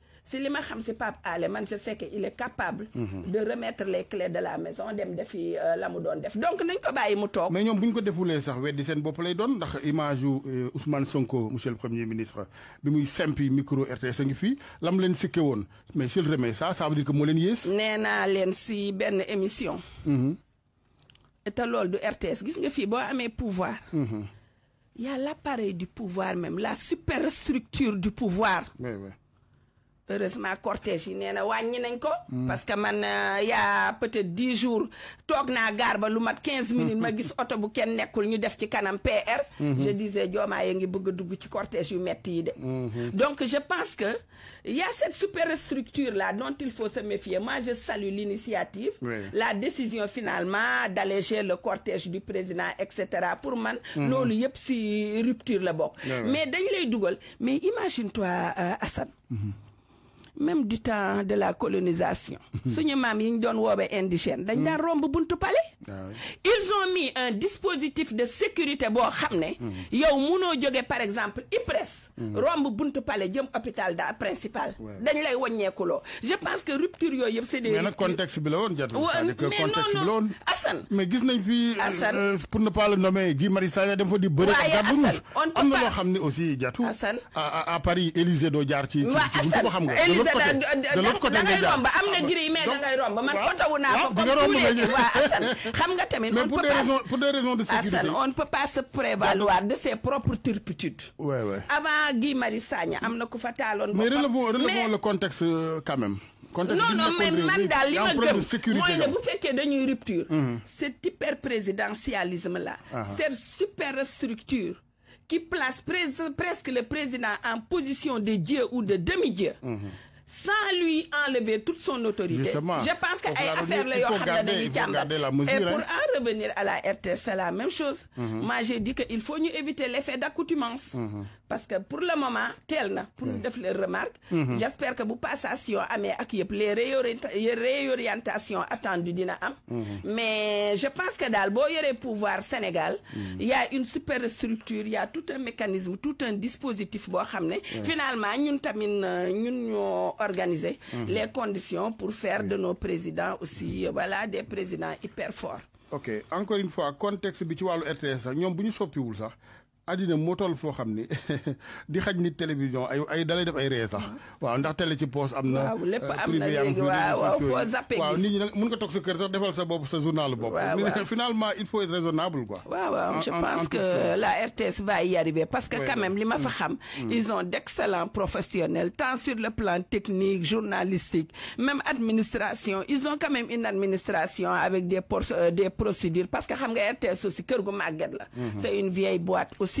si li ma xam si man je sais qu'il est capable. Mhm. de remettre les clés de la maison dem defi euh, la def donc nagn ko baye mu tok mais ñom buñ ko defulé sax wéddi sen bopp lay don ndax image yu euh, Ousmane Sonko monsieur le premier ministre bi muy simpi micro RTS ngi fi lam leen sikke mais s'il remet ça ça veut dire que mo leen yées. néna naa leen si ben émission. Mhm. te lol du RTS gis nga fi bo amé pouvoir. Mhm. y a l'appareil du pouvoir même la superstructure du pouvoir. oui oui heureusement cortège yi nee na nañ parce que man euh, a peut-être 10 jours tok na gaar ba lu mat 15 minutes ma gis bouquet bu ken nekul ñu def ci kanam PR. Mhm. je disais joma a ngi bëgg dugg ci cortège yu metti yi mhm. donc je pense que il y a cette structure là dont il faut se méfier moi je salue l'initiative. la décision finalement d'alléger le cortège du président etc. pour man. Mhm. lolu yep si rupture la bok mais dañ lay duggal mais imagine toi euh, Assane même du temps de la colonisation. Mhm. suñu maam yi ñu doon woowee indigène dañ daan mhm. romb buntu palé. Ah ils ont mis un dispositif de sécurité bo xamné mhm. yow mëno joggé par exemple IPRES. romb buntu palé jëm hôpital da principal. dañ lay wàññeekuloo je pense que rupture yooyu yëpp c'est des. mais nag contexte bi la won jàpp mais contexte bi la woon. mais gis nañ fi. Euh, euh, pour ne pas le nommer Guy Marius Sagna dem fa di bëri. waaye Assane on am na loo aussi jàpp. Assane à à Paris Élysée do jaar ci. ci buntu ko xam nga on ne peut pas se prévaloir de ses propres turpitudes mais relevons le contexte euh, quand même non non mais mm-hmm. hyper présidentialisme là cette super structure qui place presque le président en position de Dieu ou de demi-Dieu. Mm-hmm sans lui enlever toute son autorité. je pense que a affaire la yoo xam ne venir à la RTS, c'est la même chose. Mhm. Moi, j'ai dit qu'il faut nous éviter l'effet d'accoutumance. Mhm. Parce que pour le moment, tel pour nous faire les remarques, mhm. j'espère que vous passez à mes les réorientations attendues Mais je pense que dans le pouvoir Sénégal, il y a une super structure, il y a tout un mécanisme, tout un dispositif. Finalement, nous avons organisé les conditions pour faire de nos présidents aussi, euh, voilà, des présidents hyper forts. ok encore une fois contexte bi ci wàllu RTS sax ñoom bu ñu soppiwul sax àddina mo toll fo xamni di xaj nit télévision ay ay dalay def ay ree sax mm-hmm. waaw ndax télé ci poos amna na privé euh, am waaw nit ñi nag mën nga tok sa kër sax defal sa bop sa journal bop finalement il faut être raisonnable quoi waaw waaw je pense que la RTS va y arriver parce que quand même li ma fa mm. xam mm. ils ont d'excellents professionnels tant sur le plan technique journalistique même administration ils ont quand même une administration avec des euh, des procédures parce que xam nga RTS aussi kër gu màgget la mm-hmm. c'est une vieille boîte aussi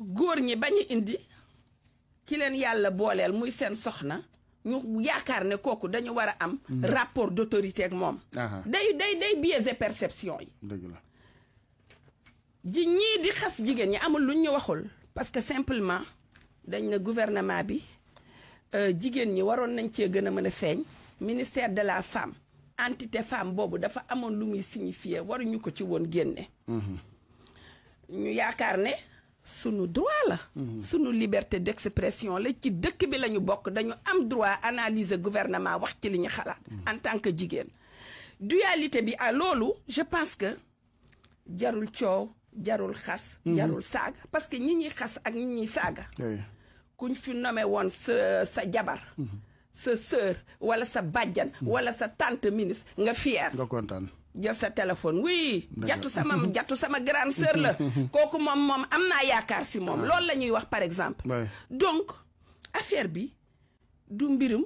góor ñi bañ indi ki leen yàlla booleel muy seen soxna ñu yaakaar ne kooku dañu war a am. Mm. rapport d'autorité ak moom. day day day biaisé perception yi. dëgg la ji ñii di xas jigéen ñi amul luñ ñu waxul. parce que simplement dañ na gouvernement bi euh, jigéen ñi waroon nañ cee gën a mën a feeñ. ministère de la femme entité femme boobu dafa amoon lu muy signifier waruñu ko ci woon génne. Mm-hmm. ñu yaakaar ne. nos droit la. Mhm. nos liberté d'expression la ci dëkk bi nous bok dañu am droit analyser gouvernement mhm. en tant que dualité ah, je pense que jarul Tchou, jarul Khas, mhm. jarul Saga, parce que ñi ak ñi kuñ fi sa sœur wala sa badjan, wala sa tante ya sa téléphone oui jattu sama jattu sama grande sœur là. kooku mom, mom, am naa si moom ah. loolu la wax par exemple donc affaire bi du mbirum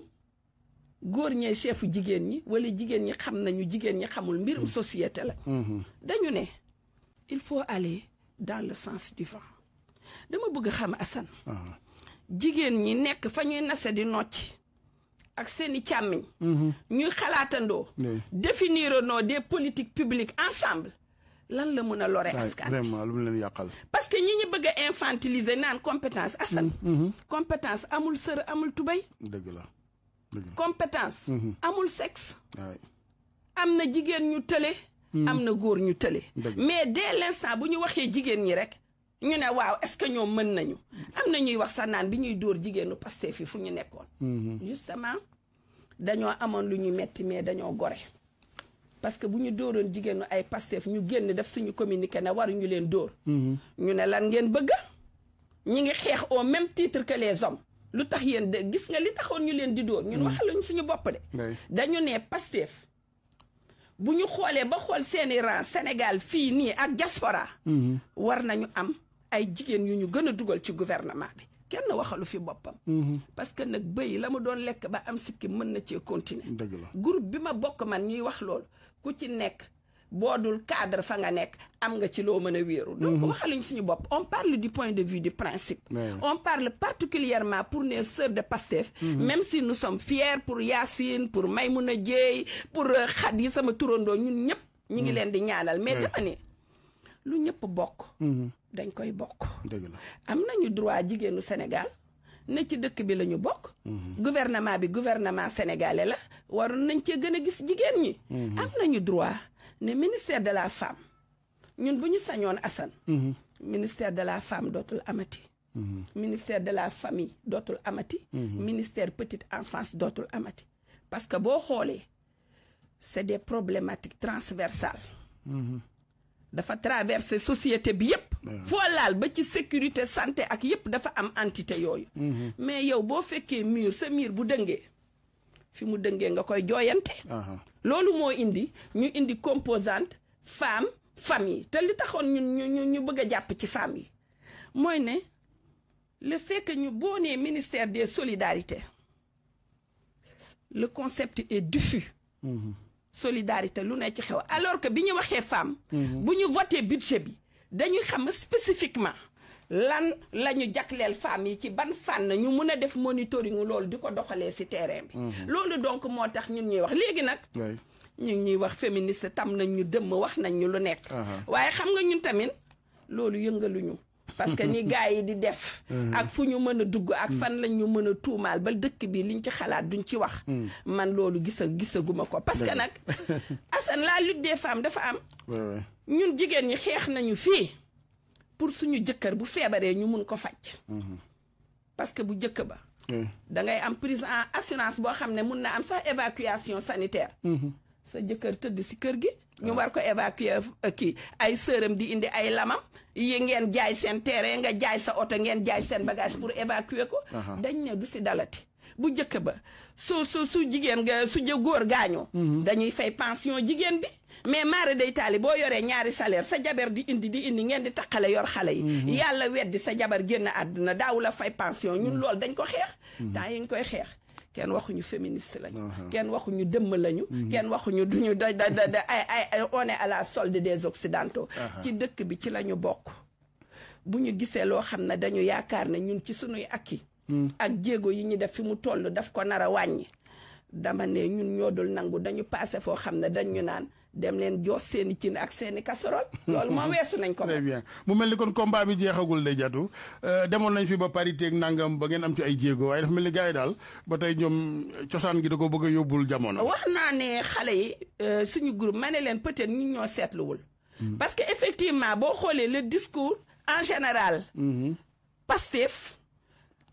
góor ñee chefu ou ñi wala jigéen ñi xam jigen ni, xamul mbirum mm. société la mm-hmm. dañu ne il faut aller dans le sens du vent dama bëgg xam Assane ah. jigéen ñi nek fa ñuy nase di nocci ak ni i càmmiñ mhm. ñuy Définir nos des politiques publiques ensemble lan la mona a vraiment lu leen yàqal parce que ñi ñu bëgg a infantiliser naan compétence asan mm, mm-hmm. compétence amul sër amul tubéy dëgg la compétence mm-hmm. amul sexe am na ñu mm. am ñu mais dès l'instant bu ñu waxee ñi ñu ne waaw est-ce que ñoom mën nañu am na ñuy wax sax naan bi ñuy dóor jigéenu Pastef fi fu ñu nekkoon mm-hmm. justement dañoo amoon lu ñu metti mais dañoo gore parce que bu ñu dóoroon jigéenu ay Pastef ñu génn def suñu communiqué ne waruñu leen dóor mm-hmm. ñu ne lan ngeen bëgg ñu ngi xeex au même titre que les hommes lu tax yéen de gis nga li taxoon ñu leen di door ñun mm-hmm. waxaluñ suñu bopp de dañu ne Pastef bu ñu xoolee ba xool seeni rang Sénégal fii nii ak diaspora war nañu am ay jigéen yu ñu gën a dugal ci gouvernement bi kenn waxalu fi boppam. Mhm. parce que nag bëy la mu doon lekk ba am sikki mën na cee continuer. dëgg la groupe bi ma bokk man ñuy wax loolu ku ci nekk. boo dul cadre fa nga nekk am nga ci loo mën a wéeru mhm. donc waxaluñ suñu bopp on parle du point de vue du principe on parle particulièrement pour les sœurs de Pastef mhm. même si nous sommes fiers pour Yacine pour Maymouna Dieye pour euh, Khady sama turandoo ñun ñëpp ñi ngi leen di ñaanal mais dama lu ñëpp bokk. Mm-hmm. dañ koy bokk. dëgg am nañu droit jigéenu Sénégal ne ci dëkk bi lañu bokk. Mm-hmm. gouvernement bi gouvernement sénégalais la waroon nañ cee gën a gis jigéen ñi. Mm-hmm. am nañu droit ne ministère de la femme ñun bu ñu sañoon Assane. ministère de la femme dootul amati. ministère de la famille dootul amati. ministère petite enfance dootul amati. parce que boo xoolee c'est des problématiques transversales. dafa traverser société bi yëpp. foo ba ci sécurité santé ak yëpp dafa am entité yooyu. Mm-hmm. mais yow bo fekkee mur ce mur bu dëngee fi mu dëngee nga koy joyanté uh-huh. loolu mo indi ñu indi composante femme famille te li taxone ñun ñu ñu bëgg japp ci famille moy né le fait que ñu boo ministère des solidarités le concept est diffus. Mm-hmm. solidarité lu ne ci xew alors que bi ñu waxee femme. Mhm. bu ñu voté budget bi dañuy xam spécifiquement lan la ñu jagleel femmes yi ci ban fànn ñu mun a def monitoring loolu di ko doxalee si terrain bi. Mhm. loolu donc moo tax ñun ñuy wax léegi nag. ñu ngi ñuy wax féministe tam nañ ñu dëmm wax nañ ñu lu nekk. waaye xam nga ñun tamit loolu yëngaluñu. parce que ni gars yi di def. Mm-hmm. ak fu ñu mën a dugg ak fan mm-hmm. lañ ñu mën a tuumaal ba dëkk bii liñ ci xalaat duñ ci wax. Mm-hmm. man loolu gisa gisaguma ko parce que nag Assane la lutte des femmes dafa am. ñun jigéen ñi xeex nañu fii pour suñu jëkkër bu feebaree ñu mun ko faj. parce que bu jëkk ba. da ngay am prise en assurance boo xam ne mun na am sax évacuation sanitaire. sa jëkkër tëdd si kër gi. Ah. ñu war ko évacuer euh, kii ay sëram di indi ay lamam yi ngeen jaay seen terrain nga jaay sa oto ngeen jaay seen bagage pour évacuer ko. dañ ne du si dalati. bu njëkk ba su su su jigéen ga su jë góor gaañoo. Mhm. dañuy fay pension jigéen bi. mais maara day taali boo yoree ñaari salaire sa jabar di indi di indi ngeen di taqale yor xale yi. Mhm. yàlla weddi sa jabar génn àdduna daawula fay pension ñun mhm. loolu dañ ko xeex. temps yi koy xeex. kenn waxuñu féministe lañu. Uh-huh. kenn waxuñu dëmm lañu. Mm-hmm. kenn waxuñu duñu da da da ay ay on est à la solde des occidentaux. Uh-huh. ci dëkk bi ci lañu bokk. bu ñu gisee loo xam ne dañu yaakaar ne ñun ci sunuy akki mm. ak jéego yi ñu def fi mu toll daf ko nar a wàññi. dama ne ñun ñoo dul nangu dañu passé foo xam ne dañu naan. dem leen joos seen i cin ak seen i casserole. loolu moom weesu nañ ko. très mu mel ni kon combat bi jeexagul day jatu euh, demoon nañ fi ba parité ak nangam ba ngeen am ci ay jéego waaye dafa mel ni gars yi daal ba tey ñoom cosaan gi da ko bëgg a yóbbul jamono. wax naa ne xale yi euh, suñu groupe ma ne leen peut-être ñu ñoo seetluwul. Hmm. parce que effectivement boo xoolee le discours en général. Hmm. Pastef.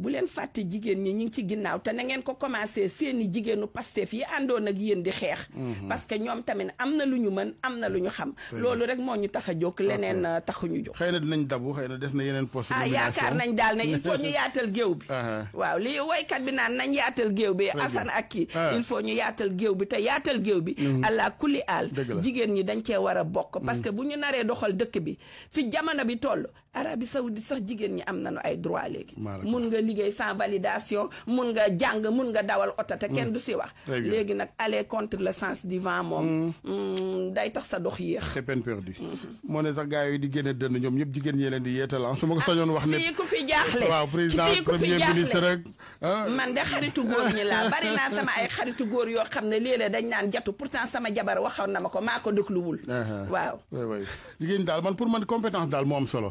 bu leen fàtte jigéen ñi ñu ngi ci ginnaaw te na ngeen ko commencé seeni jigéenu Pastef yi àndoon ak yéen di xeex mhm. parce que ñoom tamit am na lu ñu mën am na lu ñu xam loolu rek moo ñu tax a jóg leneen euh, taxuñu jóg xëy na nañ dabu xëy na des na yeneen poste ah yaakaar nañ daal na il faut ñu yaatal géew bi uh-huh. waaw li woykat bi naan nañ yaatal géew bi Assane ak ki uh-huh. il faut ñu yaatal géew bi te yaatal géew bi mhm. allah kulli aal jigéen ñi dañ cee war a bokk parce mhm. que bu ñu naree doxal dëkk bi fi jamono bi toll Arabie Saoudite sax jigéen ñi am na nañu ay droit léegi mun nga liggéey sans validation mun nga jàng mun nga dawal oto te kenn mm. du si wax léegi nag aller contre le sens du vent moom mm. Mm, day tax sa dox yéex c'est peine mm-hmm. moo ne sax gars yi di génne dënd ñoom ñëpp jigéen ñi leen di yeetal ah, su ma ko ah, sañoon wax ne fii ku fi jaaxle waaw président premier ministre rek ah. man de xaritu góor ñi laa bari naa sama ay xaritu góor yoo xam ne léeg dañ naan jatu pourtant sama jabar waxoon na ma ko maa ko dégluwul waaw jigéen ñi daal man pour man compétence daal moo solo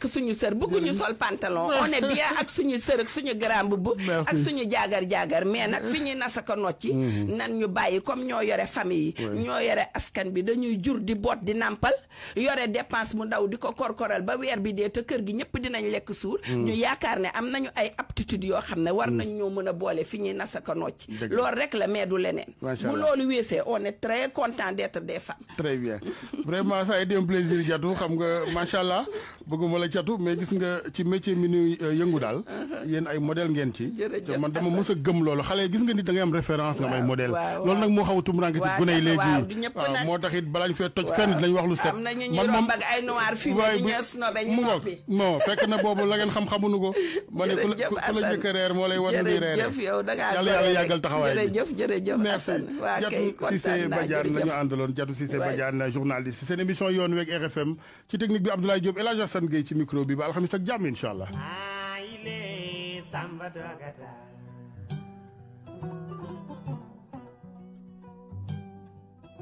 takk ñu sër bëgguñu sol pantalon on est bien ak suñu sër ak suñu grand mbubb ak suñu jaagar jaagar mais nag fi ñuy nasaka nocci mm-hmm. nan ñu bàyyi comme ñoo yore famille yi ñoo yore askan bi dañuy jur di boot di nàmpal yore dépense mu ndaw di ko korkoral ba weer bi dee te kër gi ñëpp dinañ lekk suur mm. ñu yaakaar ne am nañu ay aptitude yoo xam ne war mm. nañ ñoo mën a boole fi ñuy nasaka nocci loolu rek la mais du leneen bu loolu weesee on est très content d'être des femmes nga macha catu mais gis nga ci métier mi nuy euh, yëngu daal uh-huh. yéen ay modèle ngeen ci te man dama mës a gëm loolu xale gis nga nit da ngay am référence nga may modèle loolu nag moo xaw a tumuranke ci gune yi léegi waaw moo tax it balaañ fee toj fenn dinañ wax lu set man moom mu ngoog non fekk na boobu la ngeen xam-xamuñu ko ma ne ku la ku la jëkk reer moo lay wan luy reer yàlla yàlla yàggal taxawaay bi merci Diatou Cissé Badiane la ñu àndaloon Diatou Cissé Badiane journaliste seen émission yoon week RFM ci technique bi Abdoulaye Diop El Hadj Assane Gueye ci micro bi ba alxamis ak jàmm incha allah.